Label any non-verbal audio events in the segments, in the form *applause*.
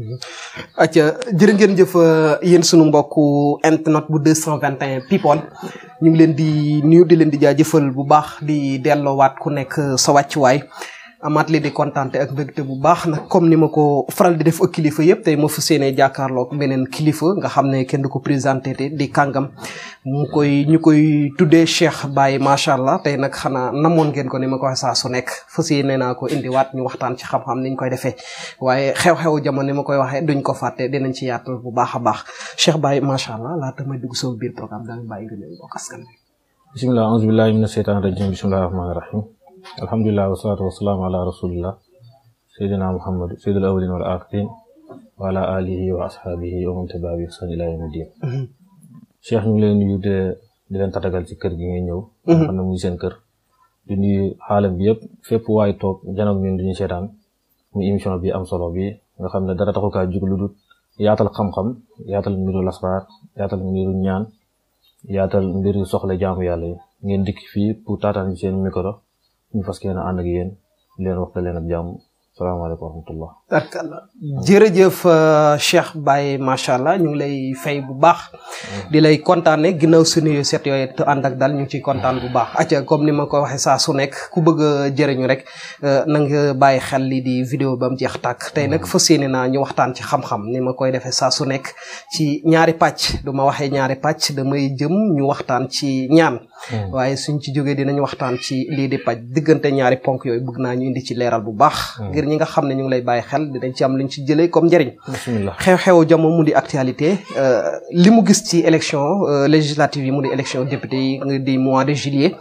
Mhm. acca jërë ngeen jëf uh, yéen sunu mbokku internet bu 221 people ñu ngi leen di nuyu di leen di jaajëfal bu baax di delloowaat ku nekk uh, sa wàccuwaay. amaat li di kontaante ak mbégte bu baax nag comme ni ma ko faral di def ak kilifa yëpp tey ma fas yéene jàkkaarloog beneen kilifa nga xam ne kenn du ko présenté te di kàngam mu koy ñu koy tuddee Cheikh bàyyi macha allah tey nag xanaa namoon ngeen ko ni ma ko waxee saa su nekk fas yéene naa ko indiwaat ñu waxtaan ci xam-xam ni ñu koy defee waaye xew-xew jamono ni ma koy waxee duñ ko fàtte dinañ ci yaat bu baax a baax Cheikh Baye macha allah laata may dugg so biir programme daal bàyyi nga ñëw bokk askan bi. bisimilah alhamdulilah wasalaatu wasalaamu ala rasulillah sayyidina muhammad sayyidul awwalin wal axirin wa ala alihi wa asxaabihi wa man tabi'a bi ihsan mhm. ci kër gi ngay ñëw mhm. muy seen kër di xaalam bi yëpp fépp waaye toog janoog ñun duñu seetaan muy émission bi am solo bi nga xam ne dara taxukaa jug lu dul yaatal xam-xam yaatal mbiru lasraar yaatal mbiru ñaan yaatal mbiru soxla jaamu yàlla yi ngeen dikk fii pour taataan ci seen micro ñu fas yéene ànd ak yéen leen waxta leen ak jàmm salaamaaleykum wa rahmatullah tarkalla jërëjëf euh, Cheikh Baye macha allah ñu ngi lay fay bu baax. di lay kontaanee ginnaaw suñu set yooyu te ànd ak daal ñu ngi ciy kontaan bu baax. acca comme ni ma ko waxee saa su nekk ku bëgg a jëriñu rek euh, na nga bàyyi xel lii di vidéo ba jeex tàkk tey nag fas yéene naa ñu waxtaan ci xam-xam ni ma koy defee saa su nekk ci ñaari pàcc du ma waxee ñaari pàcc damay jëm ñu waxtaan ci ñaan. Hmm. waaye suñ ci jógee dinañ waxtaan ci lii di pàcc diggante ñaari ponk yooyu bëgg naa ñu indi ci leeral bu baax. Hmm. ngir ñi nga xam ne ñu ngi waxtaan dinañ ci am luñ ci jëlee comme njëriñ. bisimilah xew-xewu jamono mu di actualité euh, li mu gis ci élection euh, législative yi mu di élection député yi di mois de juillet.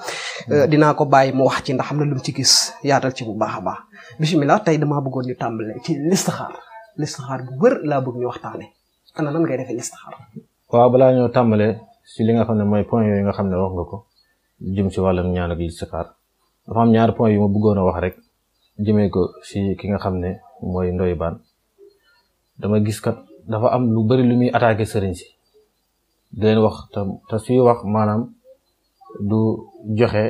Euh, mm. dinaa ko bàyyi mu wax ci ndax am na lu mu ci gis yaatal ci bu baax a baax bisimilah tey dama bëggoon ñu tàmbale ci listixaar listixaar bu wër laa bëgg ñu waxtaanee ana nan ngay defee listixaar. waaw balaa ñoo tàmbalee si li nga xam ne mooy point yooyu nga xam ne wax nga ko jëm si wàllum ñaan ak listixaar a wax jëmee ko si ki nga xam ne mooy Ndoye Bane dama gis kat dafa am lu bari lu muy attaqué sëriñ si di leen wax te te suy wax maanaam du joxe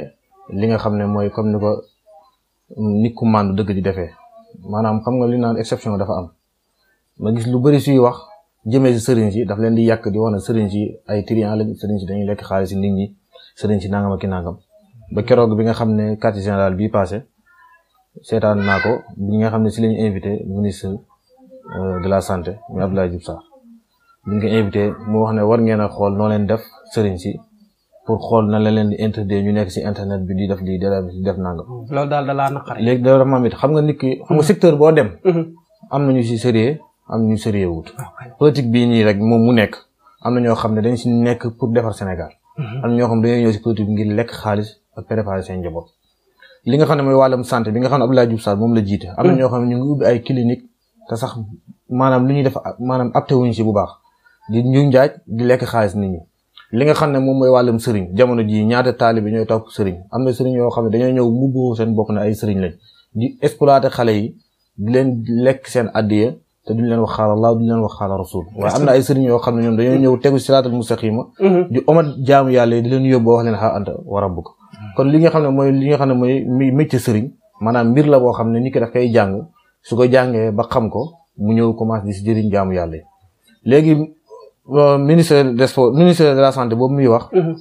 li nga xam ne mooy comme ni ko ni ku màndu dëgg di defee maanaam xam nga li naan exception dafa am ma gis lu bari suy wax jëmee si sëriñ si daf leen di yàq di wax ne sëriñ si ay trian lañ sëriñ si dañuy lekk xaalis si nit ñi sëriñ si nangam ak ki nangam ba keroog bi nga xam ne quartier général bii passé seetaan naa ko bi nga xam ne si la invité ministre euh, de la santé muy Abdoulaye Diouf Sarr bi ñu ko invité mu wax ne war ngeen a xool noo leen def sëriñ si pour xool na la leen di ñu nekk si internet bi di def lii di def nangam. loolu daal da laa naqari. léegi da ma it xam nga nit ki. xam mm-hmm. secteur boo dem. Mm-hmm. am na ñu si sérieux am ñu sérieux wut. Ah, politique bii ñii rek moom mu nekk am na ñoo xam ne dañu si nekk pour defar Sénégal. Mm-hmm. am ñoo xam ne dañoo ñëw si politique ngir lekk xaalis ak préparer li nga xam ne mooy wàllum santé bi nga xam ne Abdoulaye Diouf Sarr moom la jiite. am na ñoo xam ne ñu sax maanaam lu ñuy def maanaam apte wuñ si bu baax di ñu njaaj di lekk xaalis nit li nga xam ne moom mooy wàllum sëriñ jamono jii ñaata taalibe ñooy topp sëriñ am na sëriñ yoo xam ne dañoo ñëw mubboo seen bopp ne ay sëriñ lañ di exploiter xale yi di leen lekk seen addiya te duñ leen wax xaala Allah duñ leen wax xaala rasul waaye am na ay yoo xam ne ñoom dañoo ñëw tegu siraatal mustaqima mm-hmm. di omat jaamu yàlla yi di leen yóbboo wax leen xaa anta wa rabbuka kon li nga xam ne mooy li nga xam ne mooy métier sëriñ maanaam mbir la boo xam ne nit ki daf koy jàng su ko jàngee ba xam ko mu ñëw commencé di si jëriñ jaamu yàlla yi léegi euh, ministre des sports ministre de la santé boobu muy wax. Mhm.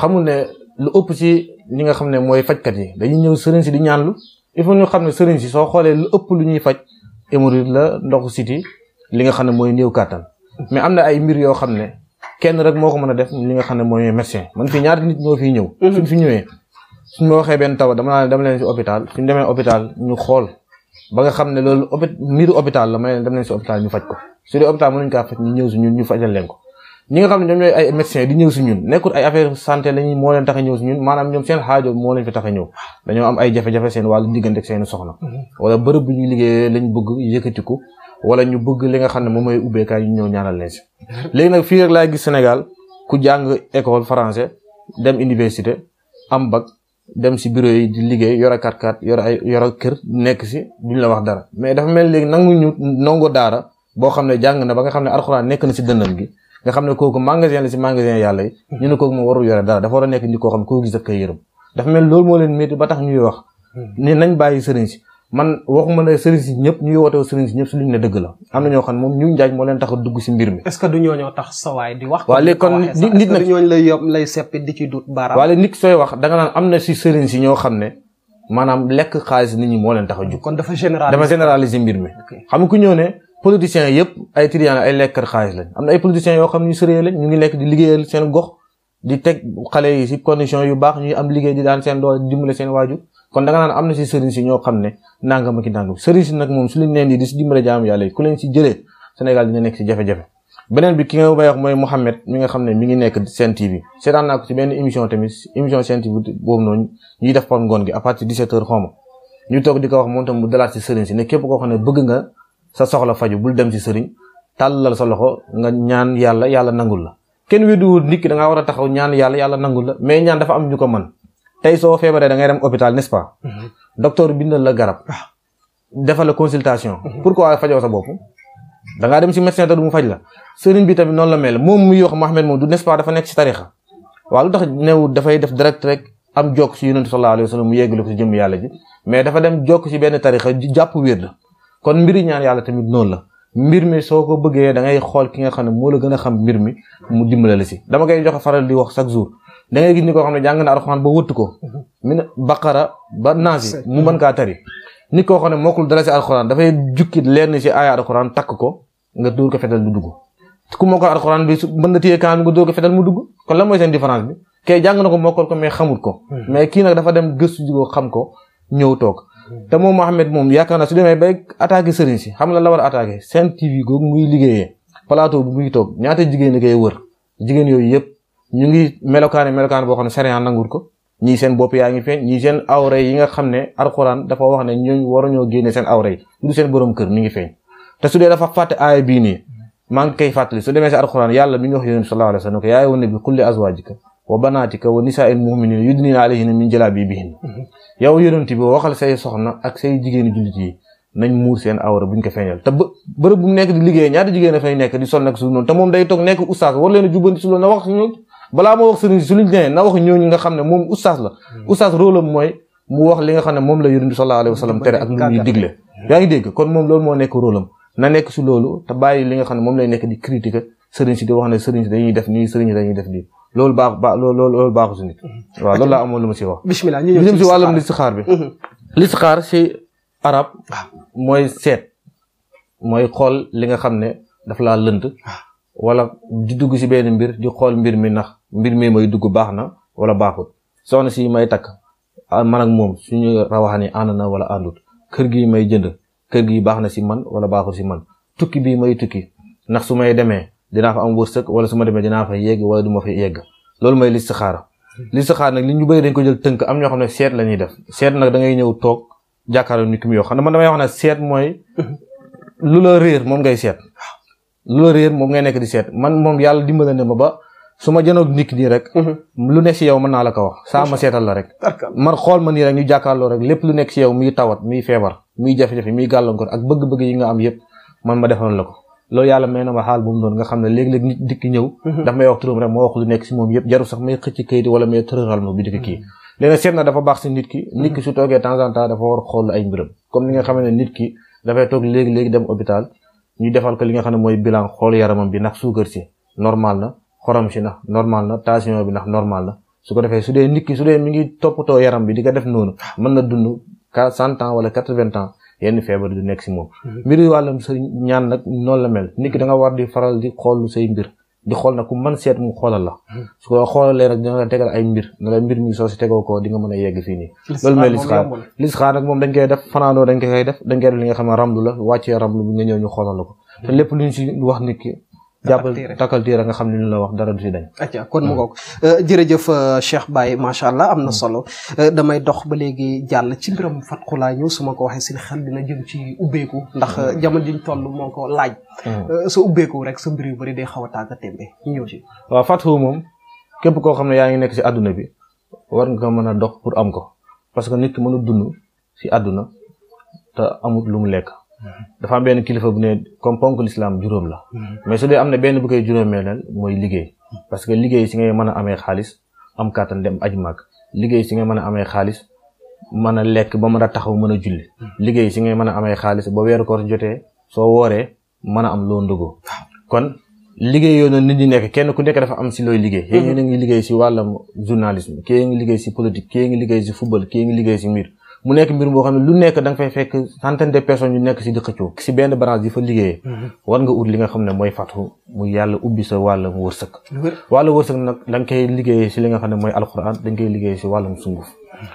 xamul ne lu ëpp si ñi nga xam ne mooy fajkat yi dañuy ñëw sëriñ di ñaanlu il faut ñu xam ne sëriñ si soo xoolee lu ëpp lu ñuy faj hémorroïde la ndoxu siti li nga xam ne mooy néew kàttan mais am na ay mbir yoo xam ne kenn rek moo ko mën a def li nga xam ne mooy médecin man fii ñaari nit ñoo fiy ñëw. Mhm. suñ fi ñëwee. suñ ma waxee benn taw dama naa dama leen si hôpital suñ demee hôpital ñu xool ba nga xam ne loolu hôpital mbiru hôpital la may leen dem leen si hôpital ñu faj ko su dee hôpital mënuñ kaa faj ñu ñëw si ñun ñu fajal leen ko ñi nga xam ne ñoom ñooy ay médecin di ñëw si ñun nekkul ay affaire santé lañuy moo leen tax a ñëw si ñun maanaam ñoom seen xaajo moo leen fi tax a ñëw dañoo am ay jafe-jafe seen wàllu diggante ak seen soxna mm-hmm. wala bërëb bu ñu liggéeyee lañ bëgg yëkkatiku wala ñu bëgg li nga xam ne moom mooy ubbeekaay ñu ñëw ñaanal leen si mm-hmm. léegi nag fii rek laay gis Sénégal ku jàng école français dem université am bac dem si bureau yi di liggéey yore kat-kat yore ay yore kër nekk si ñu la wax dara mais dafa mel léegi nangu ñu nongo daara boo xam ne jàng na ba nga xam ne alxuraan nekk na si dënnam gi nga xam ne kooku magasin la si magasin yàlla yi ñu ne kooku moom warul yore dara dafa war a nekk nit koo xam ne koo gis ak yërëm dafa mel loolu moo leen métti ba tax ñuy wax ni nañ bàyyi sëriñ si man waxuma ne sëriñ si ñëpp ñuy woote sëriñ si ñëpp si li ñu ne dëgg la am na ñoo xam ne moom ñu njaaj moo leen tax a dugg si mbir mi. du ñoo ñoo tax sa waay di wax. waaye kon nit nit nag ñooñu lay yóbbu lay seppi di ci dut baaraam. waaye nit sooy wax da naan am na si sëriñ si ñoo xam ne maanaam lekk xaalis nit ñi moo leen tax a jug. kon dafa généraliser dafa généraliser mbir mi. xam ku ñëw ne politiciens yëpp ay trian ay lekkar xaalis lañ am na ay politiciens yoo xam ne ñu sérieux ñu ngi nekk di liggéeyal seen gox di teg xale yi si condition yu baax ñuy am liggéey di daan seen doole dimbale seen waajur kon da nga naan am na si sëriñ si ñoo xam ne nangam ak i nangam sëriñ si nag moom su leen leen di di si dimbale yàlla nga xam ne mi ngi nekk Sen TV seetaan naa ko si émission tamit émission Sen TV boobu noonu ñuy def par ngoon gi à partir de 17 ko wax moom tam mu dalaat si sëriñ si ne képp koo xam ne bëgg nga sa soxla faju bul dem si sëriñ tàllal sa loxo nga ñaan yàlla yàlla nangul la kenn wedduwul nit ki da ngaa war a taxaw ñaan yàlla yàlla nangul la mais ñaan dafa am ñu ko mën tey soo feebaree da dem hôpital n'est-ce pas. Mhm. docteur bindal la garab. Ah. defal la consultation. Mhm. pourquoi fajoo sa bopp. da ngaa dem si médecin te du mu faj la sëriñ bi tamit noonu la mel moom muy wax Mohamed moom du n'est-ce dafa nekk si tarixa new dafay def direct rek am jokk si yonent sallallahu alayhi wa mu yeggalu ko si jëmm yàlla mais dafa dem jokk si benn tarixa jàpp wér kon mbiri ñaan yàlla tamit noonu la mbir mi soo ko bëggee da ngay xool ki nga xam ne moo la gën a xam mbir mi mu dimbale la si dama koy joxe faral di wax chaque jour da ngay gis ni koo xam ne jàng na alxuraan ba wëtt ko mhm. min baqara ba naasi mu mën kaa tari nit koo xam ne mokkul dara si alxuraan dafay jukki lenn si aaya alxuraan takk ko nga dóor ko fetal du dugg ku mokkal alxuraan bi mën na téye kaam bi nga dóor ko fetal mu dugg kon lan mooy seen différence bi kay jàng na ko mokkal ko mais xamul ko hmm. mais kii nag dafa dem gëstu ji ko xam ko ñëw toog hmm. te moom Mohamed moom yaakaar naa su demee bay attaqué sëriñ si xam la la war a attaqué seen TV googu muy liggéeyee plateau bu muy toog ñaata jigéen ñi koy jigéen yooyu yëpp ñu ngi melokaani melokaan boo xam ne sariya nangur ko ñii seen bopp yaa ngi feeñ ñii seen awra yi nga xam ne alxuraan dafa wax ne ñooñu waruñoo génne seen awra yi su demee si alxuraan yàlla mi ngi wax yonent sallallahu wa sallam ko yaay woon ne bi kulli azwaajika wa banaatika wa nisaa'il mu'miniina yudniina alayhinna bi waxal say soxna ak say jigéenu jullit yi nañ muur seen awra buñ ko feeñal te ba bërëb bu nekk di liggéey ñaata jigéen a nekk di a balaa moo wax sëriñ su ñu nee na wax ñooñu nga xam ne moom oustaz la hmm. oustaz rôle am mooy mu wax li nga xam ne moom la yonent bi sallallahu alayhi wa sallam tere ak lu ñuy hmm. digle yaa ngi dégg kon nekk rôle nekk si loolu te bàyyi li nga xam ne moom lay nekk di critiquer sëriñ si di wax ne sëriñ si dañuy def nii sëriñ si def nii loolu baax ba loolu loolu baaxu si nit hmm. waaw loolu laa amoon lu ma si wax bismillah ñu jëm si wàllum listixaar bi listixaar si arab ah. mooy seet mooy xool li nga xam ne daf laa lënt ah. wala di dugg si benn mbir di xool mbir mi ndax mbir mi may dugg baax na wala baaxut soxna si may takk ah, man ak moom suñu rawaxani ànd na wala àndut kër gi may jënd kër gi baax na si man wala baaxut si man tukki bii may tukki ndax su may demee dinaa fa am wërsëg wala su ma demee dinaa fa yegg wala du ma fa yegg loolu mooy listixaara listixaara nag li ñu bëri dañ ko jël tënk am ñoo xam ne seet la ñuy def seet nag da ngay ñëw toog jàkkaarloo nit ki yoo xam ne man damay wax ne seet mooy lu réer moom ngay seet lu la réer moom ngay nekk di seet man moom yàlla dimbale na ma ba su ma janoog nit rek mhm. lu nekk si yow mën naa la ko wax saa ma seetal la rek man xool ma nii ñu jàkkaarloo rek lépp lu nekk si yow muy tawat muy feebar muy jafe-jafe gàllankoor ak bëgg-bëgg nga am yëpp man ma defal la ko loolu yàlla may na ma nga xam ne léeg-léeg nit dikk ñëw mhm. daf may nekk si moom yëpp jaru sax may wala may tërëral ma bi dikk kii mhm. ki nit ki su toogee temps en temps dafa war xool ay mbiram comme ni nga xam ne nit ki dafay toog léegi-léegi dem hôpital ñu defal ko li nga xam ne mooy bilan xool yaramam bi ndax suukar si normal na xorom si ndax normal na tension bi ndax normal na su ko defee su dee nit ki su dee mi ngi toppatoo yaram bi di ko def noonu man na dund cent ans wala quatre-vingts ans yenn feebar du nekk si moom mm-hmm. mbiri wàllum sa ñaan nag noonu la mel nit ki da nga war di faral di xool say mbir di xool na ku mën seet mu xoolal la hmm. su ko xoolalee nag dina la tegal ay mbir na la mbir mi soo si tegoo ko di nga a yegg fii nii loolu mooy lisxaar lisxaar nag moom dañ def fanaandoo dañ koy def dañ def li nga xam ne ramlu la wàccee ramlu bi nga ñëw ñu xoolal la ko hmm. te lépp lu ñu si wax nit ki jàppal takkal téere nga xam ne ni la wax dara du si dañ acca kon mu ko hmm. euh, jërëjëf euh, Cheikh Baye macha allah am na hmm. solo euh, damay dox ba léegi jàll ci mbiram fatxu laa ñëw su ma ko waxee seen xel dina jën ci ubbeeku ndax hmm. jamono jiñ toll moo ko laaj sa ubbeeku rek sa mbir yu bëri day xaw a tàgga témbe ñu ñëw ci waaw fatxu moom képp koo xam ne yaa ngi nekk si àdduna bi war nga ko mën a dox pour am ko parce que nit ki mënu dund si àdduna te amul lu mu lekk dafa am benn kilifa bu ne comme ponk lislaam juróom la. Hmm. mais su dee am na benn bu koy juróomeelal mooy liggéey. parce que liggéey si ngay mën a amee xaalis am kàttan dem aj màgg liggéey si ngay mën a amee xaalis mën a lekk ba mën a taxaw mën a julli. Hmm. liggéey si ngay mën a amee xaalis ba weeru koor jotee soo wooree mën a am loo ndogoo. Hmm. kon liggéey yooyu noonu nit ñi nekk kenn ku nekk dafa am si looy liggéey. yéen si wàllam journalisme kii a ngi liggéey si politique kii a ngi liggéey si football kii a liggéey si mbir. mu nekk mbir moo xam ne lu nekk da nga fay fekk centaine de personnes yu nekk si di xëccoo si benn branche di fa liggéeyee mm-hmm. war nga ut li nga xam ne mooy fatu mu yàlla ubbi sa wàllum wërsëg wàllum wërsëg nag da koy liggéeyee si li nga xam ne mooy alxuraan da nga koy liggéeyee si wàllum sunguf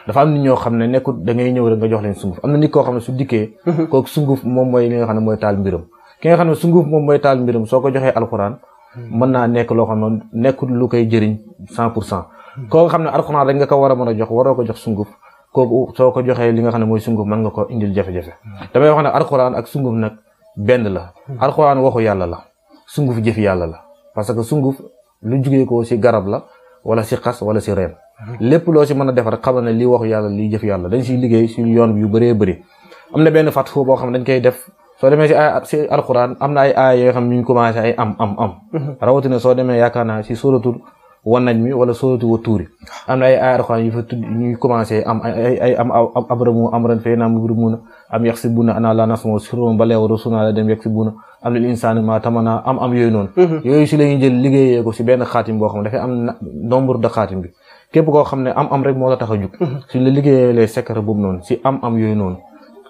dafa am nit ñoo xam ne nekkul da ngay ñëw rek nga jox leen sunguf am na nit koo xam ne su dikkee mm-hmm. kooku sunguf moom mooy li nga mooy taal mbiram ki nga xam ne sunguf moom mooy taal soo ko joxee alxuraan mm-hmm. mën naa nekk loo xam ne nekkul lu koy jëriñ cent pour cent koo nga xam ne alxuraan rek nga ko war a mën a jox waroo ko jox sunguf kooku soo ko joxee li nga xam ne mooy sunguf mën nga ko indil jafe-jafe hmm. damay wax ne ak sunguf nag benn la hmm. alxuraan waxu yàlla la sunguf jëfi yàlla la parce que sunguf lu jugee ko si garab la wala si xas wala si reen hmm. lépp loo si mën a defar xamal ne li waxu yàlla li jëf yàlla dañ siy liggéey si yoon bi yu bëree bëri am na benn fàttu boo xam ne dañ koy def soo demee si ay si am na ay aay yoo xam ne ñu ngi commencé ay am am am rawatina soo demee yaakaar si suratul wan nañ mi wala wa tuuri am na ay ay arxaan yu fa tudd ñuy commencé am ay ay am abramu amran fay naam mujrimuna am yax buna ana la nasmo ba leew rasuna la dem yax si buna am lil insaan ma tamana am am noonu mhm. yooyu si la ñuy jël si benn xaatim boo xam ne dafay am nombre de xaatim bi képp koo xam ne am am rek moo tax a jug mhm. suñ la liggéeyee les secret boobu noonu si am am yooyu noonu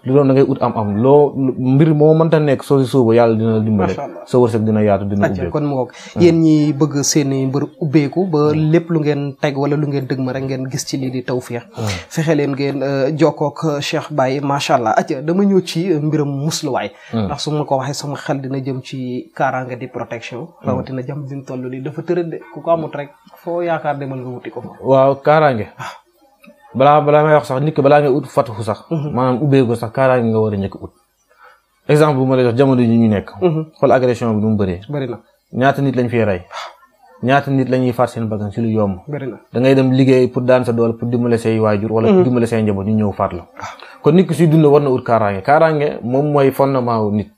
du doon da ngay ut am-am loo mbir moo mënta nekk soo si suuba yàlla dina la dimbale sa wërsëg dina yaatu dina ubbeeku kon mu ah. yéen ñi bëgg seeni i mbir ubbeeku ba hmm. lépp lu ngeen teg wala lu ngeen dëg ma rek ngeen gis ci lii di tawfeex ah. fexe leen ngeen euh, jokkook euh, Cheikh Baye macha allah aja dama ñëw ci euh, mbiram musluwaay hmm. ndax su ma ko waxee sama xel dina jëm ci kaaraange di protection hmm. rawatina jam diñ toll nii dafa tërënde ku ko rek foo yaakaar demal ko balaa balaa may wax sax nit ki balaa ngay ut fatuxu mhm. nga war a njëkk ut. exemple bu ma lay jox nekk. Mhm. xool agression bi nu mu bëree. bëri na ñaata nit lañ fiy rey. ñaata nit la ñuy faat seen bakkan ci lu yomb. bëri na da ngay dem liggéey pour daan sa doole pour dimbale say waajur. wala pour mhm. dimbale say njaboot ñu ñëw faat la. kon nit ki suy dund war na ut kaaraange kaaraange moom mooy fondement wu nit.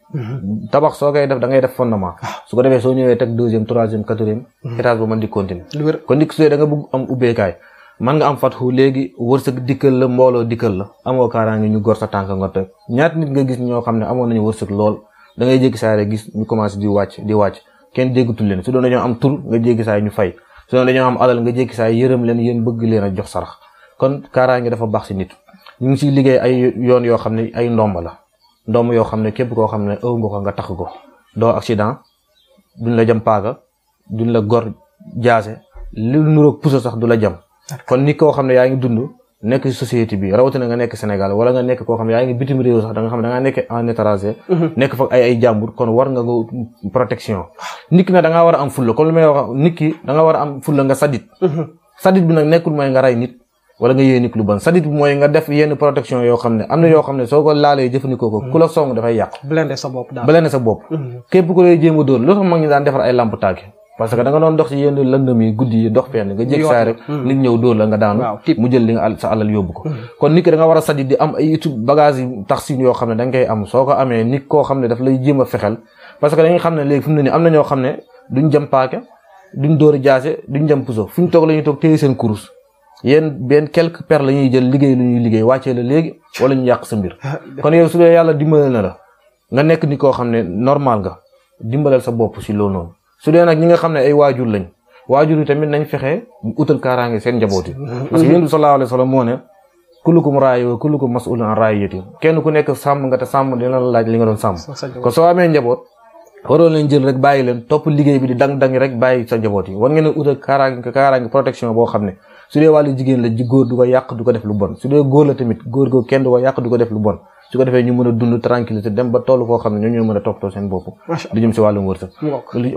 tabax soo koy def da ngay def fondement. Ah. su ko defee soo ñëwee teg deuxième troisième quatrième. étage ba mën di continuer. kon nit ki su dee am ubbeekaay man nga am fatxu léegi wërsëg dikkal la mbooloo dikkal la amoo kaaraange ñu gor sa tànk nga teg ñaat nit nga gis ñoo xam ne amoon nañu wërsëg lool da ngay jéggi saa rek gis ñu commencé di wàcc di wàcc kenn déggatul leen su doon dañoo am tur nga jéggi saa ñu fay su doon dañoo am alal nga jéggi saa yërëm leen yéen bëgg leen a jox sarax kon kaaraange dafa baax si nit ñu ngi siy liggéey ay yoon yoo xam ne ay ndomba la ndomb yoo xam ne képp koo xam ne ëw nga ko nga tax ko doo accident duñ la jam paaga duñ la gor jaase li sax du la jam kon ni koo xam ne yaa ngi dund nekk ci société bi rawatina nga nekk Sénégal wala nga nekk koo xam ne yaa ngi bitim réew sax da nga xam ne nekk en mhm. ay jàmbur nit ki a nga war a mhm. bi nag nekkul mooy nga rey nit wala nga yéene nit lu bon sadit bi mooy nga def yenn protection yoo xam ne am na yoo xam ne soo ko laalee jëfandikoo ko ku la song dafay yàqu blende sa bopp daal blende sa bopp mhm. képp ku lay jéem a dóor daan defar ay lamp tàgge parce que danga nga doon dox ci yenn lëndëm yi guddi yi dox fenn nga jékki saa rek hmm. nit ñëw dóor la nga daanu mu jël li nga sa alal yóbbu ko hmm. kon nit ki da nga war a sadi di am ay itu bagage yi tax xam ne da koy am soo ko amee nit koo xam ne daf lay jéem a fexel parce que da nga xam ne léegi fi mu ne nii am na ñoo xam ne duñ jëm paake duñ dóor jaase ñu jëm puso fu ñu toog la ñuy toog téye seen kurus yéen benn quelques per la ñuy jël liggéey lu ñuy liggéey wàccee la léegi wala ñu yàq sa mbir *laughs* kon yow su dee yàlla dimbale na la nga nekk nit koo xam ne normal nga dimbalal sa bopp si loolu noonu su dee nag ñi nga xam ne ay waajur lañ waajur yi tamit nañ fexe utal kaaraange seen njaboot yi parce que yéen bi sallallahu alayhi wa sallam moo ne kullukum raay wa kullukum mas'ulun an raayati kenn ku nekk sàmm nga te sàmm dina la laaj li nga doon sàmm kon soo amee njaboot waroon leen jël rek bàyyi leen topp liggéey bi di dang-dangi rek bàyyi sa njaboot yi war ngeen a utal kaaraange kaaraange protection boo xam ne su dee wàllu jigéen la ji góor du ko yàq du ko def lu bon su dee la tamit góor goo kenn du ko yàq du ko def lu bon su ko defee ñu mën a dund tranquillité dem ba toll koo xam ne ñoo ñoo mën a toppatoo seen bopp di si wàllum wërsëg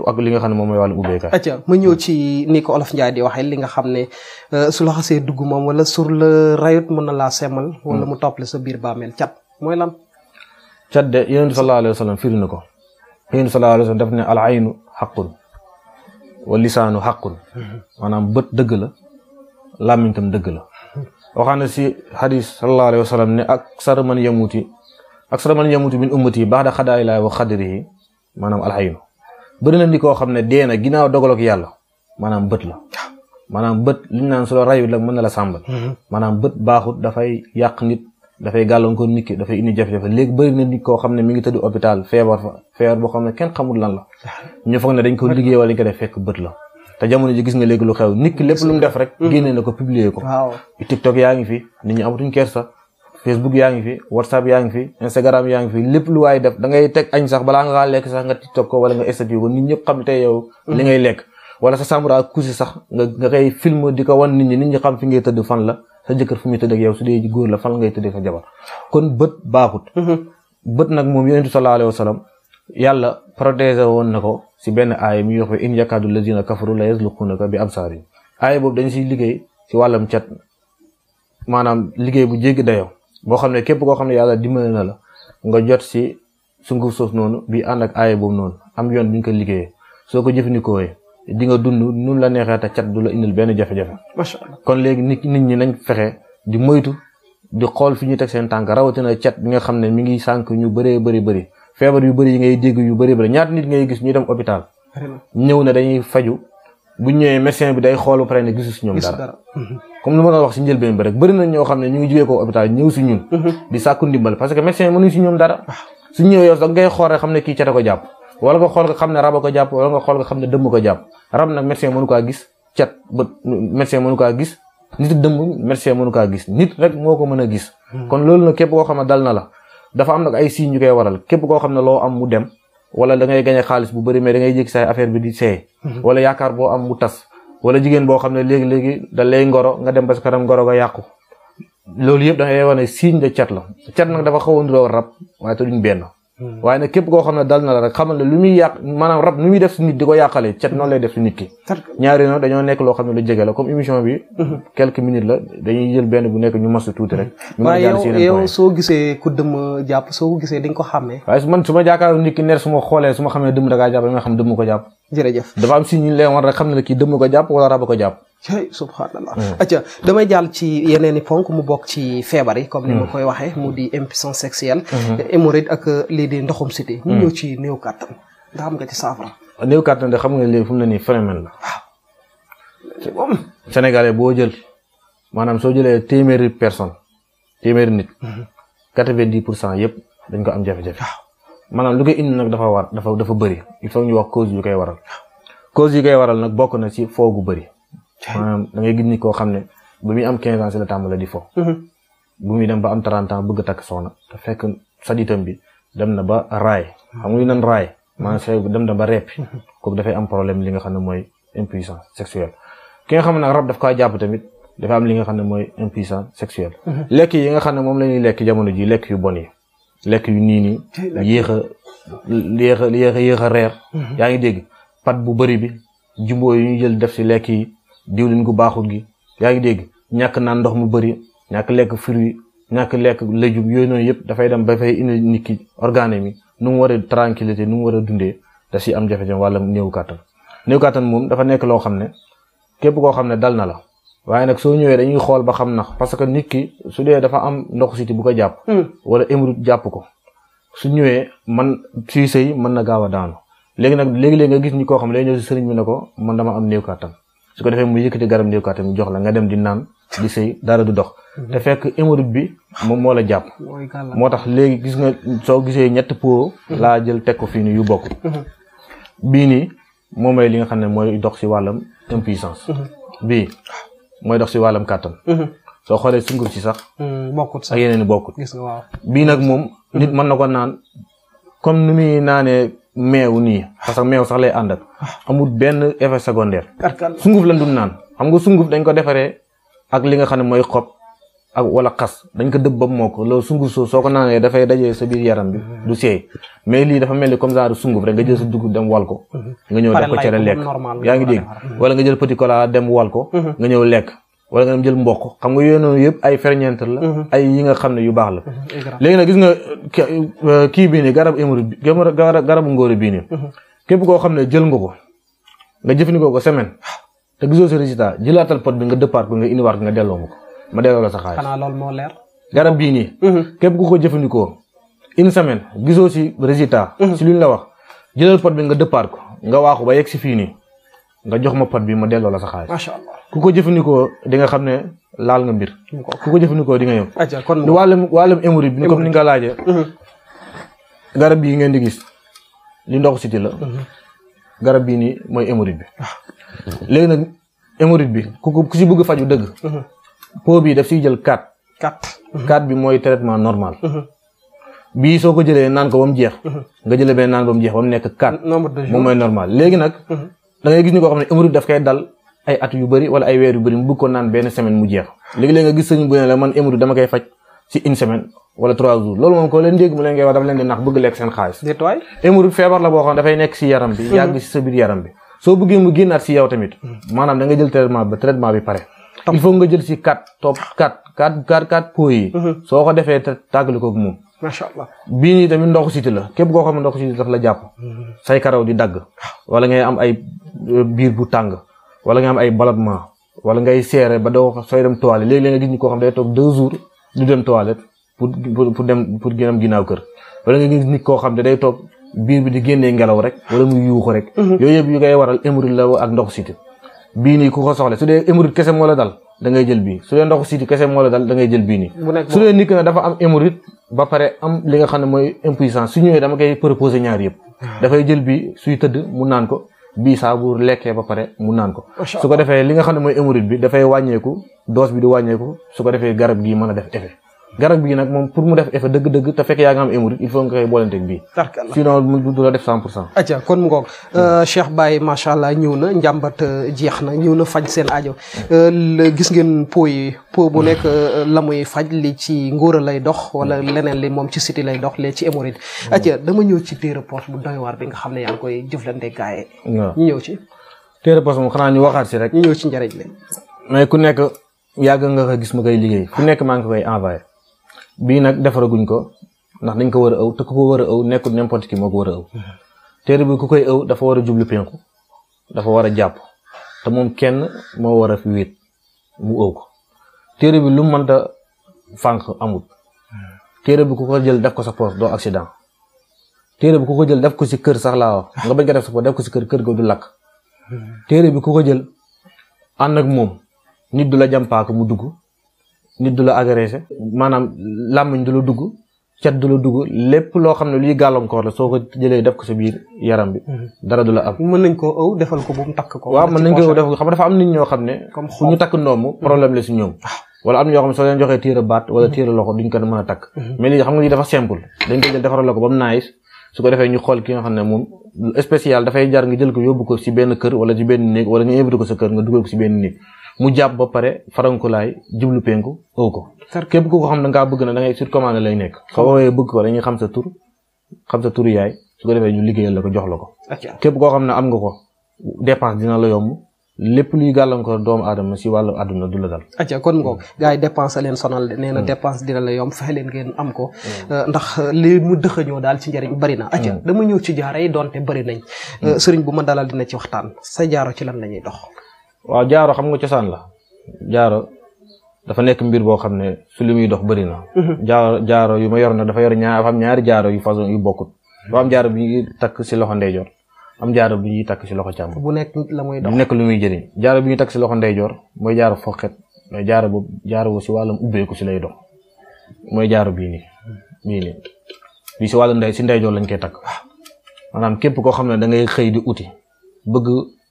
ak li xam ne moom mooy wàllu ubbeekaay acca ma ñëw ci ni ko olof Njaay di waxee li nga xam ne euh, su la xasee dugg moom wala sur le rayut mën na laa semal wala mu toppale sa biir bàmmeel cat mooy lan cat de yonent bi sallallahu alayhi wa na ko yonent bi sallallahu alayhi wa sallam daf ne al aynu xaqun wa lisaanu xaqun *laughs* maanaam bët dëgg la làmmiñ tam dëgg la waxaan na si xadis sallallahu alayhi wa sallam ne aksar man yamuti aksar man yamuti min ummati ba'da xadaay laay wa xadrihi maanaam alxayu bëri na ni koo xam ne dee na ginnaaw dogaloo ak yàlla maanaam bët la maanaam bët li naan su la rayu la mën na la sàmbal maanaam bët baaxut dafay yàq nit dafay gàllankoor nit ki dafay indi jafe-jafe léegi bëri na nit koo xam ne mu ngi tëdd hôpital feebar fa feebar boo xam ne kenn xamul lan la ñu foog ne dañ ko liggéey wala ñu ko def fekk bët la te jamono ji gis nga léegi lu xew nit ki lépp lu mu def rek mm-hmm. génne na ko publier ko TikTok yaa ngi fi nit ñi amatuñ kersa Facebook yaa ngi fi WhatsApp yaa ngi fi Instagram yaa ngi fi lépp lu waay def da ngay teg añ sax balaa nga lekk sax nga TikTok ko wala nga statut ko nit ñëpp xam tey yow li mm-hmm. ngay lekk wala sa sambra kusi sax nga nga koy film di ko wan nit ñi nit ñi xam fi ngay tëdd fan la sa jëkkër fu muy tëdd ak su dee góor la fan ngay kon bët baaxut mm-hmm. nag moom yonentu sallallahu alayhi wa sallam yàlla protéger woon na ko si benn aaya mi wax ba in yakaadu lazina kafaru la yasluqunaka bi absaarin aaya boobu dañ siy liggéey si wàllam cat maanaam liggéey bu jéggi dayoo boo xam ne képp koo xam ne yàlla dimbale na la nga jot si sunguf suuf noonu bi ànd ak aaya boobu noonu am yoon bi nga ko soo ko jëfandikoo di nga dund nun la neexee te cat du la indil benn jafe-jafe. kon léegi nit nit ñi nañ fexe di moytu di xool fi ñu teg seen tànk rawatina cat bi nga xam ne mi ngi sànq ñu bëree bëri bëri feebar yu bëri yi ngay dégg yu bëri bëri ñaata nit ngay gis ñuy dem hôpital ñëw na dañuy faju bu ñëwee médecin bi day xool ba pare ne gisu si ñoom dara mhm. comme lu ma wax si njëlbeen bi rek bëri na ñoo xam ne ñu ngi jógee ko hôpital ñëw si ñun mhm. di sàkku ndimbal parce que médecin mënuñ si ñoom dara su ñëwee yow sax ngay xool rek xam ne kii cate ko jàpp wala nga xool nga xam ne rab a ko jàpp wala nga xool nga xam ne dëmm ko jàpp rab nag médecin mënu kaa gis cat bët médecin mënu kaa gis nit dëmm médecin mënu kaa gis nit moo ko mën a gis mhm. kon loolu nag képp koo xam ne dal na la dafa am nag ay signes yu koy waral képp koo xam ne loo am mu dem wala da ngay gañe xaalis bu bari mais da ngay jékki say affaire bi di seey mhm. wala yaakaar boo am mu tas wala jigéen boo xam ne léegi-léegi da lay ngoro nga dem ba sa ngoro nga yàqu loolu yëpp da ngay wane signe de cat la cat nag dafa xaw a niroo rab waaye te duñ benn Hmm. waaye nag képp koo xam ne dal na la rek xamal ne lu muy yàq maanaam rab lu muy def nit di ko yàqale cet noonu lay def nit ki ñaari noonu dañoo nekk loo xam ne lu jege la hmm. benn bu nekk ñu masu tuuti soo gisee ku dëmm jàpp soo gisee di nga ko xàmmee waaye man su ma jaakaaru nit ki ner su xoolee su ma xamee dëmm da ngaa jàpp da nga xam dëmm ko jàpp dafa am si ñu leen war rek xam ne la kii dëmm ko jàpp wala rab ko jàpp cey subhanallah mm. damay jàll ci yeneen i ponk mu bokk ci feebar yi comme ni ma mm. koy waxee mu di impuissance sexuelle mm-hmm. eh, hémorroïde ak euh, lii di ndoxum siti mu ñëw mm. ci néew kàttan ndax am nga ci saafara néew kàttan de xam nga léegi fu mu ne nii phénomène la waaw boo jël maanaam soo jëlee téeméeri personne téeméeri nit mm-hmm. quatre-vingt-dix pour cent yëpp dañ ko am jafe-jafe maanaam lu koy indi nag dafa war dafa bëri il faut ñu wax cause yu koy waral cause yu koy waral nag bokk na ci foogu bëri maanaam da ngay gis ni koo xam ne bu muy am 15 ans si la tàmbale di fo. Mm-hmm. bu muy dem ba am 30 ans bëgg a takk soxna te fekk saditam bi dem na ba raay xam nga nan raay maanaam say dem na ba reppi mm-hmm. kooku dafay am problème li nga xam ne mooy impuissance sexuelle ki nga xam ne nag rab daf kaa jàpp tamit dafa am li nga xam ne mooy impuissance sexuelle mm-hmm. lekk yi nga xam ne moom la ñuy lekk jamono ji lekk yu bon yi lekk yu nii nii yéex a yéex a yéex a yéex a reer yaa ngi dégg pat bu bëri bi jumbo yi ñu jël si lekk yi diwlin gu baaxul gi yaa ngi dégg ñàkk naan ndox mu bëri ñàkk lekk fruit ñàkk lekk léjum yooyu noonu yëpp dafay dem ba fay indi nit ki organe mi nu mu war a tranquillité nu mu war a dundee da si am jafe-jafe wala néew kàttan néew kàttan moom dafa nekk loo xam ne képp koo xam ne dal na la waaye nag soo ñëwee dañuy xool ba xam nax parce que nit ki su dee dafa am ndox siti bu ko jàpp hmm. wala émeraude jàpp ko su ñëwee man suy sëy mën na gaaw a daanu léegi nag léegi-léegi nga gis ñi koo xam ne day ñëw si sëriñ bi ne ko man dama am néew kàttan su ko defee mu yëkkati garab ndiw kaa jox la nga dem di naan di sëy dara du dox te fekk hémorroïde bi moom moo la jàpp moo soo gisee ñett po laa ko yu bokk bii nii moo may li nga xam ne mooy dox si wàllam impuissance bii mooy dox si wàllam kàttan soo xoolee sunguf si sax hmm, bokkut sax ak yeneen i bokkut gis nga waaw bii nag moom nit mën na ko naan comme ni muy naanee meew nii parce que meew sax lay ànd ak amul benn effet secondaire sunguf la dun naan xam nga sunguf dañ ko defaree ak li nga xam ne mooy xob ak wala xas dañ ko dëbb ba moo ko loolu sunguf soo soo ko naanee dafay dajee sa biir yaram bi mhm. du seey mais lii dafa mel ni comme genre sunguf rek nga jël sa dugub dem wal ko mhm. nga ñëw def ko yaa ngi dégg wala nga wal ko mhm. nga ñëw lekk wala nga dem jël mboq xam nga yooyu noonu yëpp ay ferñeent la. Mhm. ay yi nga xam ne yu baax la. Mhm, léegi nag gis nga euh, kii bii nii garab émeri bi garabu ngóore bii nii. Mhm. képp koo xam ne jël nga ko nga jëfandikoo ko semaine te gisoo sa jëlaatal pot bi nga départ ko nga indiwaat nga delloo ma ko ma delloo la sa xaalis. xanaa moo leer. garab bii nii. képp ku ko jëfandikoo une semaine gisoo si résultat. si lu ñu la wax jëlal pot bi nga départ ko nga waaxu ba yegg si fii nii. nga jox ma pot bi ma delloo la sa xaalis. ku ko jëfandikoo di nga xam ne laal nga mbir. ku ko jëfandikoo di nga yëg. ayca kon wàllum wàllum hémorroïde bi comme ni nga laajee. Uh-huh. garab yi ngeen di gis li ndox siti la. Uh-huh. garab bii ni mooy hémorroïde bi. Ah. léegi nag hémorroïde bi ku ko ku si bëgg faju dëgg. Uh-huh. pot bii daf siy jël quatre. quatre bi mooy traitement normal. bii soo ko jëlee naan ko ba mu jeex. nga jëlee benn naan ba mu jeex ba mu nekk quatre. moom mooy normal léegi nag. da ngay gis ñu ko xam ne hémorroïde daf koy dal ay at yu bëri wala ay weer yu bëri mu bëgg ko naan benn semaine mu jeex léegi-léeg nga gis sëñ bu ne la man hémorroïde dama koy faj ci une semaine wala trois jours loolu moom ko leen dégg mu leen ngay wax dafa leen di nax bëgg lekk seen xaalis hémorroïde feebar la boo xam ne dafay nekk ci yaram bi yaram bi soo bëggee mu génnaat ci yow tamit hmm. maanaam da jël traitement ba traitement bi pare il faut nga jël ci quatre top hmm. moom macha allah bii nii tamit ndoxu siti la képp koo xam ndoxu siti daf la jàpp mm-hmm. say karaw di dagg wala ngay am ay euh, biir bu tàng wala ngay am ay ballonnement wala ngay seere ba doo sooy dem toilette léeg-léeg nga gis ñi koo xam day toog deux jours du dem toilette pour pour dem pour nga gis nit koo xam ne day toog biir bi di génnee ngelaw rek wala muy yuuxu rek mm-hmm. yooyu yëpp yu ngay waral hémorroïde la ak ndoxu siti bii ku ko soxla su dee hémorroïde kese moo la dal da ngay jël bii su dee ndoxu siti kese moo la dal da ngay jël bii nii su dee nit ba pare am li nga xam ne mooy impuissance su ñëwee dama kay proposé ñaar yëpp. Ah. dafay jël bi suy tëdd mu naan ko bii saa lekkee ba pare mu naan ko. su ko defee li nga xam ne mooy hémorroïde bi dafay wàññeeku dose bi di wàññeeku su ko defee garab gii mën a def effet. garab bii nag moom pour mu def effet dëgg-dëgg te fekk yaa nga am émorite il faut nga koy boolenteeg bii sinon mu du la def cent pour cent aja kon mu ngoog euh, Cheikh Baye macha allah ñëw na njàmbat euh, jeex na ñëw na faj seen aajo euh, gis ngeen po yi po bu nekk la muy faj li ci ngóora lay dox wala leneen li moom ci siti lay dox lee ci émorite aja dama ñëw ci téere poche bu doy waar bi nga xam ne yaa ngi koy jëflante gaaye ñu ñëw ci téere poche moom xanaa ñu waxaat si rek ñëw ci njariñ li mais ku nekk yàgg nga ko gis ma koy liggéey ku nekk maa ngi koy envoyé bii nag defaraguñ ko ndax dañ ko war a ëw te ku ko war a ëw nekkul n'importe qui moo ko war a ëw téere bi ku koy ëw dafa war a jublu penku dafa war a jàpp te moom kenn moo war a fi wéet mu ëw ko téere bi lu mënta fànq amut téere bi ku ko jël def ko sa poos accident téere bi ku ko jël def ko si kër sax laa wax nga bañ ko def sa poos def ko si kër kër go du lakk hmm. téere bi ku ko jël ànd ak moom nit du la jàmpaaka mu dugg nit du la agressé maanaam làmmiñ du la dugg cet du la dugg lépp loo xam ne luy gàllankoor la soo ko jëlee def ko sa biir yaram bi mhm. dara du la am mën nañ koo ëw defal ko bu mu takk ko waaw mën nañ ko mhm. ah. am na ñoo xam ne soo leen joxee tiir a baat wala mhm. tiir a loxo duñ ko mën a takk mais lii xam nga lii dafa simple dañ ko jël defaral la ko ba mu nice su ko defee ñu xool ki nga xam ne moom spécial dafay jar nga jël ko yóbbu ko si benn kër wala si benn néeg wala nga invité ko sa kër nga dugal ko si benn néeg mu jàpp ba pare farankulaay jublu penku ëw ko. képp ku ko xam ne ngaa bëgg na da ngay sur commande lay nekk. soo woowee bëgg ko dañuy xam sa tur xam sa tur su ko ñu liggéeyal la ko jox la ko. Ah, képp koo xam ne am nga ko dépense dina la yomb. lépp luy gàllankoor doomu aadama si wàll àdduna du la dal. acca ah, kon ko mm. gars yi dépense leen sonal de nee na mm. dépense dina la yomb fexe leen ngeen am ko. Mm. Euh, ndax euh, li mu dëxëñoo daal ci njëriñ bari na. acca ah, dama ñëw ci jaara yi donte bari nañ. Euh, sëriñ bu ma dalal dina ci waxtaan sa jaaro ci lan la ñuy dox. waaw jaaro xam nga cosaan la jaaro dafa nekk mbir boo xam ne su li muy dox bëri na. Mhm. jaaro jaaro yu ma yor na dafa yor ñaar am ñaari jaaro yu façon yu bokkut. dafa am jaaro bi ñuy takk si loxo ndeyjoor am jaaro bi ñuy takk si loxo càmm. bu nekk la muy dox nekk lu muy jëriñ. jaaro bi ñuy takk si loxo ndeyjoor mooy jaaro foqet mooy jaaro boobu jaaro si wàllu ubbeeku si lay dox mooy jaaro bii nii bii si wàllu ndey si ndeyjoor lañ koy takk maanaam képp koo xam ne da xëy di uti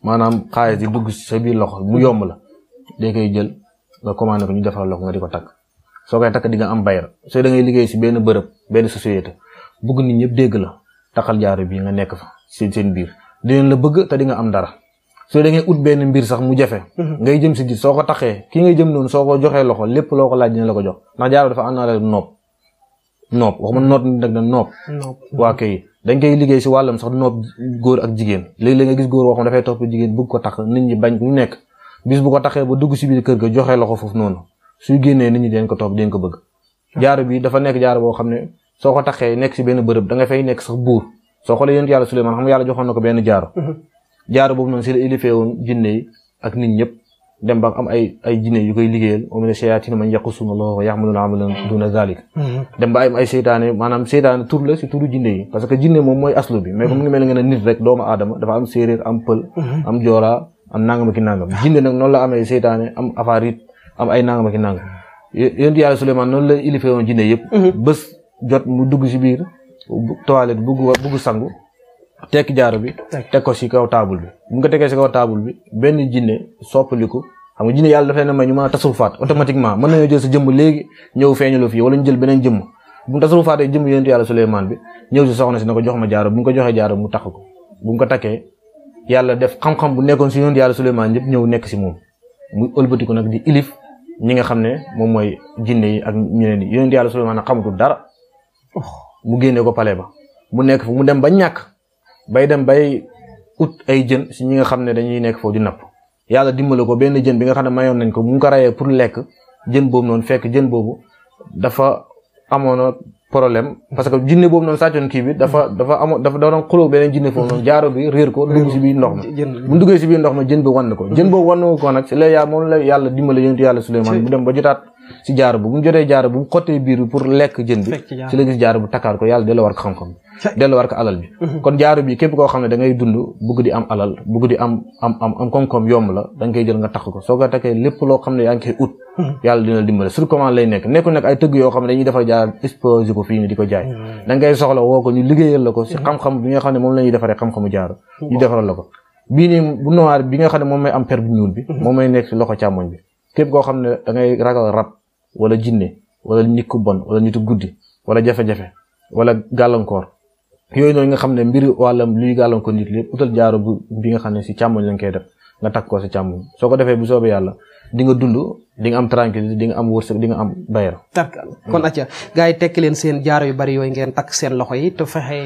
maanaam xaalis di dugg sa biir loxo mu yomb la day koy jël nga commandé ko ñu defal la nga di ko takk soo koy takk dinga nga am bayra soo da ngay liggéey si benn bërëb benn société bëgg nit ñëpp dégg la taxal jaaru bi nga nekk fa seen seen biir dinañ la bëgg te di nga am dara soo da ngay ut benn mbir sax mu jafe mhm. ngay jëm si ji soo ko taxee ki ngay jëm noonu soo ko joxee loxo lépp loo ko laaj dina la ko jox ndax jaaru dafa ànd naa la noob noob waxuma noot nit waa kay dañ koy liggéey si wàllam sax du nopp góor ak jigéen léeg-léeg nga gis góor woo xam dafay topp jigéen bëgg ko tax nit ñi bañ ku nekk bis bu ko taxee ba dugg si biir kër ga joxe loxo foofu noonu suy génnee nit ñi dañ ko topp dañ ko bëgg jaaru bi dafa nekk jaaru boo xam ne soo ko taxee nekk si benn bërëb da nga fay nekk sax buur soo xoolee yonent yàlla Suleymaan xam nga yàlla joxoon na ko benn jaaru *laughs* jaaru boobu noonu si la ilifee woon ak nit ñëpp dem ba am ay ay jinne yu koy liggéeyal wa mina shayaatiin man yaqusuna hmm. hmm. am ay seytaane maanaam seytaane tur la si turu jinne yi parce que jinne moom mooy aslu bi mais comme hmm. ni mel nga ne nit rek doomu aadama dafa am séeréer am pël am joolaa am nangam ak nangam jinne nag noonu la amee seytaane am afaarit am ay nangam ak nangam yonent yàlla Suleymaan noonu la ilifé woon jinne yëpp bés jot mu dugg si biir toilette bugg bugg sangu tekki jaaro bi. teg ko si kaw taabul bi. bu nga tegee si kaw taabul bi benn jinne soppaliku xam nga jinne yàlla daf leen may ñu mën a tasrufaat automatiquement mën nañoo jël sa jëmm léegi ñëw feeñaloo fii wala ñu jël beneen jëmm bu mu tasrufaatee jëmm yonentu yàlla Suleymaan si soxna ko jox ma jaaro bu ko joxee jaaro mu takk ko bu mu ko takkee yàlla def xam bu nekkoon si yonentu yàlla Suleymaan yëpp ñëw nekk si moom muy ëlbatiku nag di ilif ñi nga xam ne moom mooy jinne yi ak ñeneen yi yonentu yàlla Suleymaan nag xamatul dara oh. mu génnee ko pale ba mu nekk fu mu dem ba ñakk bay dem bay ut ay jën si ñu nga xam ne dañuy nekk foofu di napp yàlla dimbale ko benn jën bi nga xam ne mayoon nañ ko bu mu ko rayee pour lekk jën boobu noonu fekk jën boobu dafa amoon problème parce que jinne boobu noonu sàccoon kii bi dafa dafa amoon dafa da doon xuloo beneen jaaro bu duggee bi wan ko yàlla mm-hmm. moom la lekk jën bi si la gis ko yàlla delloo war ko xam-xam delluwaat ko alal bi mhm. kon jaaro bi képp koo xam ne da ngay dund bugg di am alal bugg di am am am am yomb la da koy jël nga takk ko soo ko takkee lépp loo xam ne yaa ngi koy ut mhm. yàlla dina dimbale sur commande lay nekk nekkul nekk ay tëgg yoo xam ne dañuy defar jaar exposé ko fii ni di ko jaay mhm. da ngay soxla woo ko ñu liggéeyal la ko si xam-xam bi nga xam ne moom la ñuy defaree xam-xamu jaaro ñu defaral la ko bii nii bu noir bi nga xam ne moom may am per bu ñuul bi moom may nekk si loxo càmmoñ bi képp koo ne da ngay ragal rab wala jinne wala nit ku bon wala nitu guddi wala jafe-jafe wala gàllankoor yooyu noonu nga xam ne mbir wàllam luy gàllankoor nit lépp utal jaaro bi nga xam ne si càmmoñ lañ koy def nga takk ko si càmmoñ soo ko defee bu soobee yàlla di nga dund di am tranquillité di nga am wërsëg di nga am bayra tarkal kon acca gars yi tekki leen seen jaaro yu bari yooyu ngeen takk seen loxo yi to fexe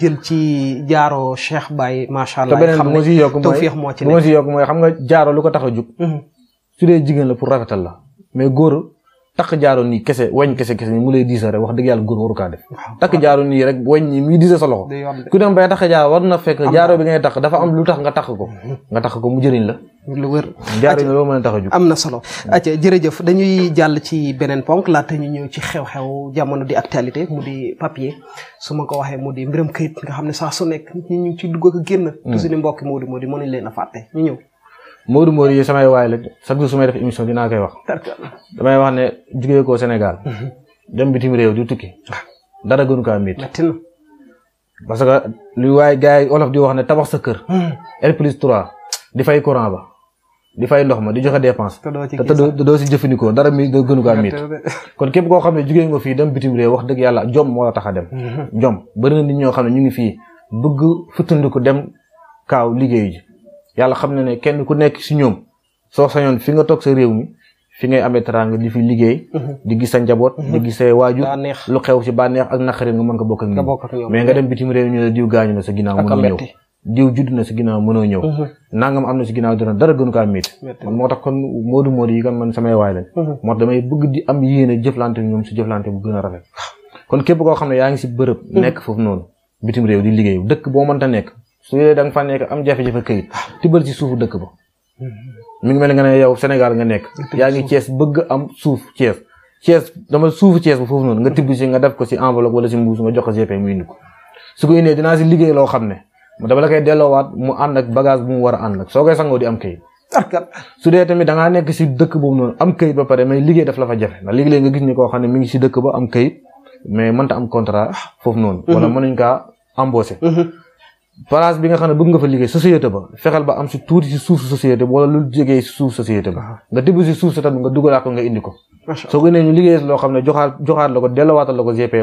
jël ci jaaro Cheikh Baye macha allah. xam ne tawfiix moo ci nekk te beneen bu ma si yokk mooy xam nga jaaro lu ko tax a jug. Mhm. su dee jigéen la pour rafetal la mais góor takk jaaro nii kese wañ kese kese nii mu lay diisa rek wax dëgg yàlla góor waru kaa def takk jaaro nii rek weñ nii muy diisa sa loxo ku dem bay takk jaaro na fekk jaaro bi ngay takk dafa am lu nga takk ko mhm. nga takk ko mu jëriñ la lu loo mën a am na solo mm. acca jërëjëf dañuy jàll ci beneen ponk laata ñu ñëw ci xew-xew jamono di actualité mu di papier su ma ko waxee mu di mbiram kayit nga xam ne saa su nekk ñu ngi ci dugg ak génn mm. te suñu mbokki moo di moo di mënuñ leen a fàtte ñu ñëw Modou Modou yi samay waay la chaque jour su may def émission dinaa koy wax. damay wax ne jugee koo Sénégal. dem bitim réew di tukki. dara gënu kaa miit. que lu waay gars yi di wax ne tabax sa kër. Hmm. R plus 3 di fay courant ba. di fay ndox ma di joxe dépense. te te doo si dara mi doo gënu kaa miit. *laughs* kon képp koo xam ne jugee nga fii dem bitim réew wax dëgg yàlla jom moo la tax a dem. Hmm. jom bëri na nit ñoo xam ne ñu ngi fii bëgg futtandiku dem kaaw liggéey ji. yàlla xam na ne kenn ku nekk si ñoom soo sañoon fi nga toog sa réew mi fi ngay amee teraanga di fi liggéey. Mhm. di gis sa njaboot. di mhm. gis sa waajur lu xew si bànneex ak naqari nga mën ko bokk ak ñoom. mais nga dem bitim réew ñu ne diw gaañu na sa ginnaaw mënoo ñëw diw judd na si mhm. nangam am na si ginnaaw dara dara gënu kaa moo tax kon moodu moodu yi kan man samay waay lañ. moo tax di am yéene jëflante ñoom si jëflante bu gën a rafet. kon képp koo xam ne yaa ngi si bërëb. nekk foofu noonu bitim réew di liggéeyu dëkk boo mënta nekk su dee da fa nekk am jafe-jafe këyit ah, tibbal ci suufu dëkk ba mu ngi mel nga ne yow Sénégal nga nekk yaa ngi cees bëgg am suuf Thiès Thiès dama suufu Thiès ba foofu noonu nga tibb ci nga def ko ci enveloppe wala ci mbuus ma jox ko GP mu ko su ko indee dinaa liggéey loo xam ne dama la koy delloowaat mu ànd ak mu war a ànd ak soo koy sangoo di am këyit su dee tamit da ngaa nekk si dëkk boobu noonu am këyit ba pare may liggéey daf la fa jafe ndax léegi-léegi nga gis ni koo xam ne mu ngi si dëkk ba am këyit mais mënta am contrat foofu noonu wala mënuñ kaa embauché place bi nga xam ne bëgg nga fa liggéey société ba fexeel ba am si tuuti si suuf société ba wala lu jógee si suuf société ba nga tibb si suuf sa tamit nga ko nga indi ko soo loo xam ne joxaat joxaat la ko dellawaatal la ko GP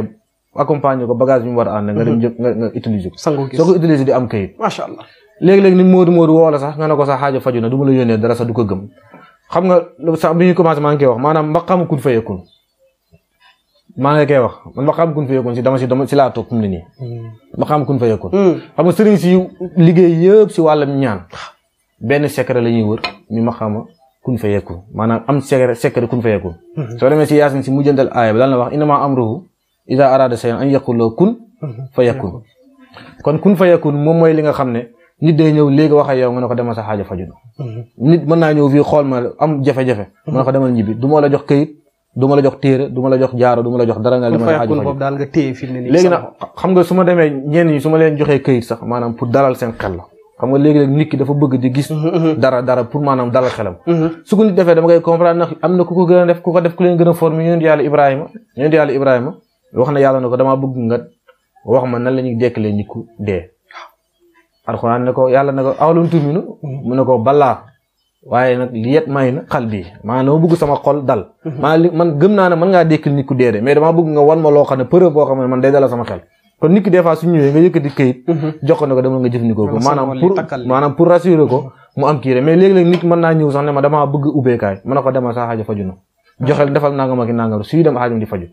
accompagner ko bagage bi mu a ànd nga dem mhm. nga nga utiliser ko soo ko utiliser di am kayit macha allah léegi-léegi ni Modou Modou woo la sax nga ne ko sax xaajo faju na du ma la dara sax du ko gëm xam nga bi ñu commencé maa ngi koy wax maanaam mbaqamu kun fayakun maa ngi koy wax man ma xam kun fa yëkkoon si dama si dama si laa toog fu mu ne nii. Hmm. ma hmm. xam kun fa yëkkoon. xam si liggéey yëpp si wàllum ñaan. benn secret la ñuy wër mi ma xam kun fa yëkkoon maanaam am secret secret kun fa yëkkoon. Hmm. soo si yaasin si mujjantal aaya wax innama amruhu iza arada shay'an an yaqul lahu kun kon kun moom mooy li nga xam ne. nit day ñëw léegi wax ak yow nga ne ko demal sa xaaja faju nit mën naa ñëw fii xool ma am jafe-jafe. mën na ko demal ñibbi du ma la jox këyit du ma la jox téere du la jox jaaro du la jox dara nga. daal nga téye fi ne nii. léegi nag xam nga su ma demee ñenn ñi su ma leen joxee këyit sax maanaam pour dalal seen xel la xam nga léegi nag nit ki dafa bëgg di gis. Mm-hmm, mm-hmm. dara dara pour maanaam dalal xelam. Mm-hmm. su ko nit defee dama koy comprendre am na ku ko gën a def ku ko def ku leen gën a formé ñooñu yàlla Ibrahima ñooñu yàlla Ibrahima wax na yàlla na ko damaa bëgg nga wax ma na la ñuy dekkalee nit ku dee. alxuraan ne ko yàlla ne ko awlum tuminu mu ne ko balaa waaye nag li yet may na xal bi maanaam dama bëgg sama xol dal maa gëm naa ne mën ngaa dékkal nit ku dee de mais damaa bëgg nga wan ma loo xam ne preuve boo xam ne man day dalal sama xel kon nit ki des fois su ñëwee nga yëkkati këyit mhm. jox ko ne ko demal nga sax na ko xaaja faju na joxel defal nangam ak nangam suy dem xaajam di faju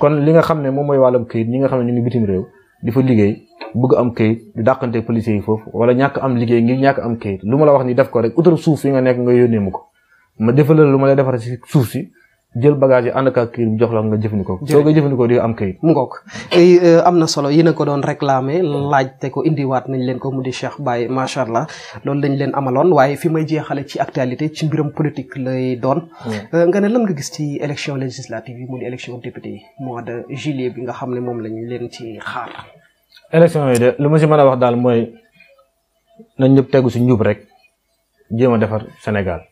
kon li nga xam ne moom mooy wàllum këyit ñi nga xam ne ñu ngi bitim réew di fa liggéey bëgg am kayit di dàqante policiers yi foofu wala ñàkk am liggéey ngir ñàkk am kayit lu ma la wax ni def ko rek utal suuf yi nga nekk nga yónnee ko ma defalal lu si suuf si jël bagage yi ànd ak kii bi jox la nga jëfandikoo. jërëjëf soo ko jëfandikoo di am kayit. mu ngoog euh, am na solo yi a ko doon réclamer te ko indiwaat nañ leen ko mu di Cheikh Baye macha allah loolu lañ leen amaloon waaye fi may jeexale ci actualité ci mbiram politique lay doon. Hmm. Euh, nga ne lan nga gis ci élection législative yi mu di élection député mois de juillet bi nga ne moom lañ leen ci xaar. élection yi de lu ma si mën a wax daal mooy nañ ñëpp tegu si njub rek jéem a defar Sénégal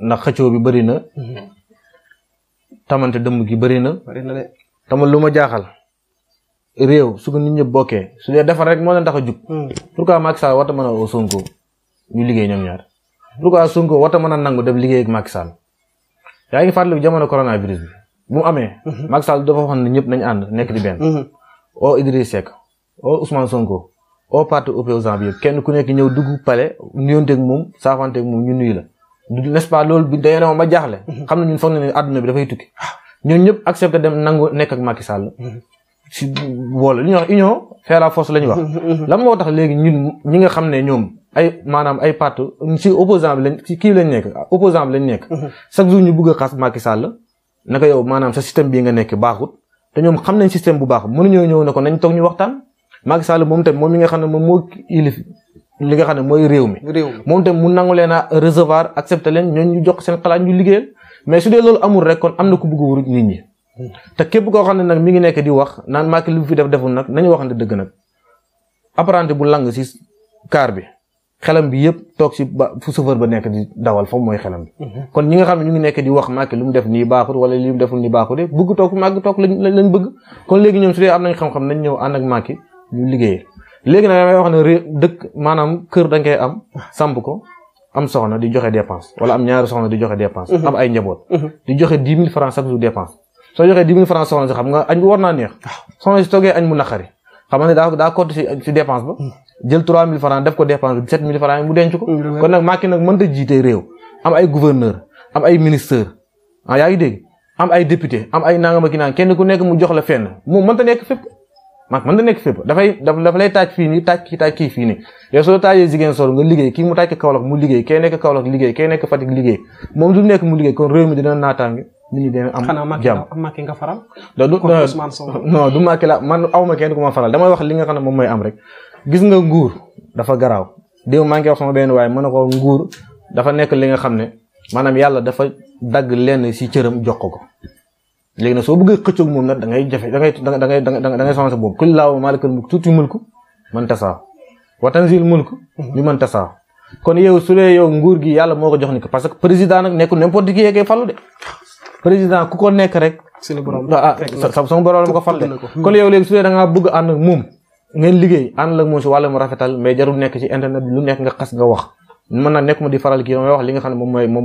ndax xëccoo bi bëri na tamante dëmm gi bëri na tamal lu ma jaaxal réew su ko nit ñëpp bokkee su dee defar rek moo leen tax a jug hmm. pourquoi Macky Sall warta mën a woo Sonko ñu liggéey ñoom ñaar pourquoi Sonko warta mën a nangu dem liggéey ak Macky yaa ngi fàttaliku jamono coronavirus bi bu mu amee hmm. Macky Sall dafa waxoon ne ñëpp nañ ànd nekk di benn hmm. oo Idriss Seck oo Ousmane Sonko oo parti opposant bi yëpp kenn ku nekk ñëw dugg palais nuyonteeg moom saafanteeg moom ñu nuyu la. n'est-ce pas loolu bi day demoon ba jaaxle. xam na ñun foog na bi dafay tukki. ñun ñëpp accepté dem nangu nekk ak Macky Sall. si boole li ñuy wax la force la ñuy wax. lan moo tax léegi ñun ñi nga xam ne ñoom ay maanaam ay part si opposant bi lañ kii lañ nekk opposant bi lañ nekk. chaque jour ñu bugg a xas Macky Sall naka yow maanaam sa système bii nga nekk baaxut. te ñoom xam nañ système bu baax mënuñoo ñëw ne ko nañ toog ñu waxtaan Macky Sall moom tamit moom mi nga xam ne moom moo ilif li xam ne mooy réew mi. réew moom tamit mu nangu leen a recevoir accepté leen ñooñu ñu jox seen xalaat ñu liggéeyal mais su dee loolu amul rek kon am na ku bëgg wuruj nit ñi. te képp koo xam ne nag mi ngi nekk di wax naan Macky li mu fi def deful nag nañu waxante dëgg nag apprenti bu lang si kaar bi xelam bi yëpp toog si ba fu chauffeur ba nekk di dawal foofu mooy xelam bi mhm. kon ñi nga xam ne ñu ngi nekk di wax Macky lu mu def nii baaxul wala li mu deful nii baaxul bëgg toog toog lañ lañ bëgg kon léegi ñoom su dee am nañ xam-xam nañ ñëw di joxe dépense wala am ñaari soxna di joxe dépense mhm. am ay njaboot mhm. di joxe dix mille francs chaque jour dépense soo joxee dix mille ah. dépense ba jël 3000 francs def ko dépense bi 7000 francs yi mu denc ko. Mm, kon nag Macky nag mënta jiite réew. am ay gouverneur am ay ministre ah yaa ngi dégg am ay député am ay nangam ak naan kenn ku nekk mu jox la fenn mu mënta nekk fépp. Macky mënta nekk fépp dafay dafa lay taaj fii nii taaj kii taaj kii soo taajee Ziguinchor nga liggéey kii mu taaj Kaolack mu liggéey kee nekk Kaolack liggéey kee nekk Fatick liggéey moom du nekk mu liggéey kon réew mi dina naataange. nit ñi dina am jàmm nga faral. non du Macky la man aw kenn ku ma faral wax li nga xam ne moom mooy rek gis nga nguur dafa garaaw déw maa ngi wax sama benn waaye mën na ko nguur dafa nekk li nga xam ne maanaam yàlla dafa dagg lenn si cëram jox ko ko léegi nag soo bëggee xëccoog moom nag da ngay da ngay da ngay da ngay sensé boobu kulli laaw maalikal mulk tuuti mulku man tasaa wa tanzil mulk su dee yow nguur gi yàlla moo ko jox ni ko parce que président nag nekkul n'importe qui yeggee de président ku ko nekk rek. Ah, ah, sama borom la ko fal de kon yow léegi su dee da ngaa ànd ak ngeen liggéey ànd la moom si wàllum rafetal mais jarul nekk ci internet lu nekk nga xas nga wax man nag nekk ma di faral kii damay wax li nga xam moom moom mhm.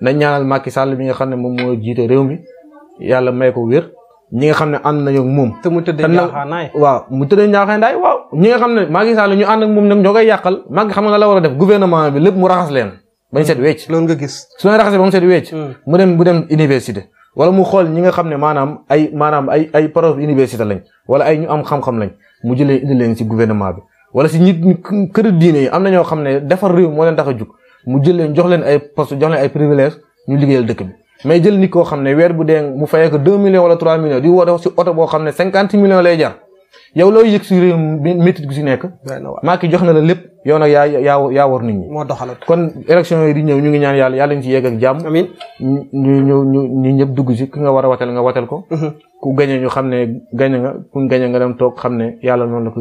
nga xam ne moom moo jiite réew mi may ko wér ñi xam ne ànd nañoo ak moom te mu tëddee ñaaxaanaay waaw mu tëddee ñaaxaanaay nga xam ne Macky Sall ñu ànd moom nag ñoo koy yàqal Macky xam nga la war a def gouvernement bi lépp mu raxas leen bañ seet wecc loolu nga gis su leen raxasee mm. dem mu wala mu xool ñi nga xam ne maanaam ay maanaam ay ay prof université lañ wala ay ñu am xam-xam lañ mu jëlee indi leen si gouvernement bi wala ci nit kër diine yi am na ñoo xam ne defar réew moo leen tax a jug mu jël leen jox leen ay poste jox leen ay privilège ñu liggéeyal dëkk bi mais jël nit koo xam ne weer bu dee mu fayee ko deux millions wala trois millions di woo def oto boo xam ne cinquante millions lay jar yow looy yëg si réew métit gu si nekk Macky jox na la lépp yow nag yaa war nit ñi moo doxal kon élection yi di ñëw ñu ngi ñaan yàlla yàlla ñu si yegg ak ñu ñu ñu ñu ñëpp dugg si ki nga war a watal nga watal ko mhm. ku gañe ñu xam ne gañe nga ku gañe nga dem toog xam ne yàlla noonu la ko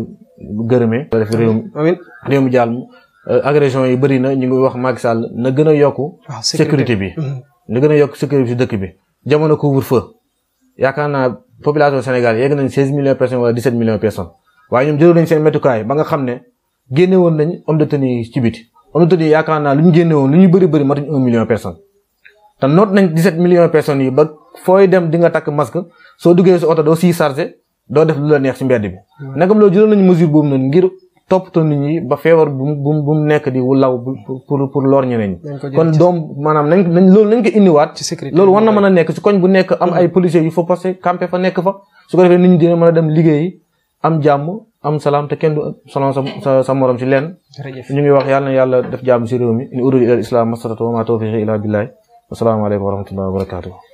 gërëmee def réew mi amiin réew mi jàll euh, agression yi bëri na ñu ngi wax Macky Sall na gën a yokk ah, sécurité bi mhm. na gën a yokk sécurité bi si dëkk bi jamono couvre feu yaakaar naa population Sénégal yegg nañ 16 millions personnes wala 17 millions personnes waaye ñoom jëloon nañ seen métukaay ba nga xam ne génne woon nañ homme de tenue ci biti homme de tenue yaakaar naa lu ñu génne woon lu ñu bëri bëri matuñ 1 million personnes te noot nañ 17 millions personnes yi ba fooy dem di takk masque soo duggee sa oto doo siy chargé doo def lu la neex si mbedd bi. nagam loolu jëloon nañ mesure boobu noonu ngir toppatoo nit ñi ba feebar bu mu bu nekk di wu law pour pour lor kon doom maanaam nañ nañ loolu nañ ko indiwaat loolu war na mën a nekk si koñ bu nekk am hmm. ay policiers yu fa posté campé fa nekk fa su ko defee nit ñi dina mën a dem liggéey am jàmm am salaam te kenn du sonal sa sa morom ci lenn ñu ngi wax yàlla na yàlla def jàmm si réew mi in uridu ilal islam mastata'tu wa ma tawfiqi illa billah wasalaamaaleykum wa rahmatullahi wa barakatuh